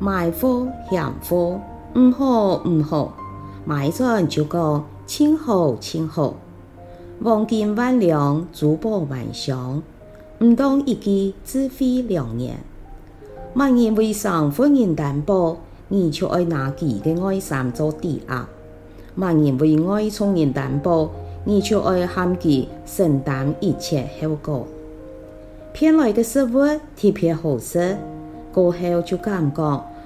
賣貨行貨唔好唔好，買、嗯、咗就講千好千好，黃金萬兩，珠寶萬箱，唔、嗯、當一記自非兩年萬人為上富人擔保，你就愛拿佢嘅愛心做抵押；萬人為愛聰明擔保，你就愛喊佢承擔一切後果。騙來的食物特別好食，過後就感覺。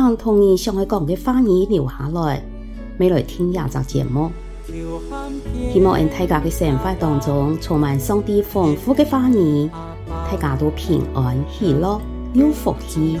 想同你上帝講嘅話留下來，未來聽亞集節目，蜓希望讓大家嘅生活當中充滿上帝豐富嘅話，大家都平安、喜樂、有福氣。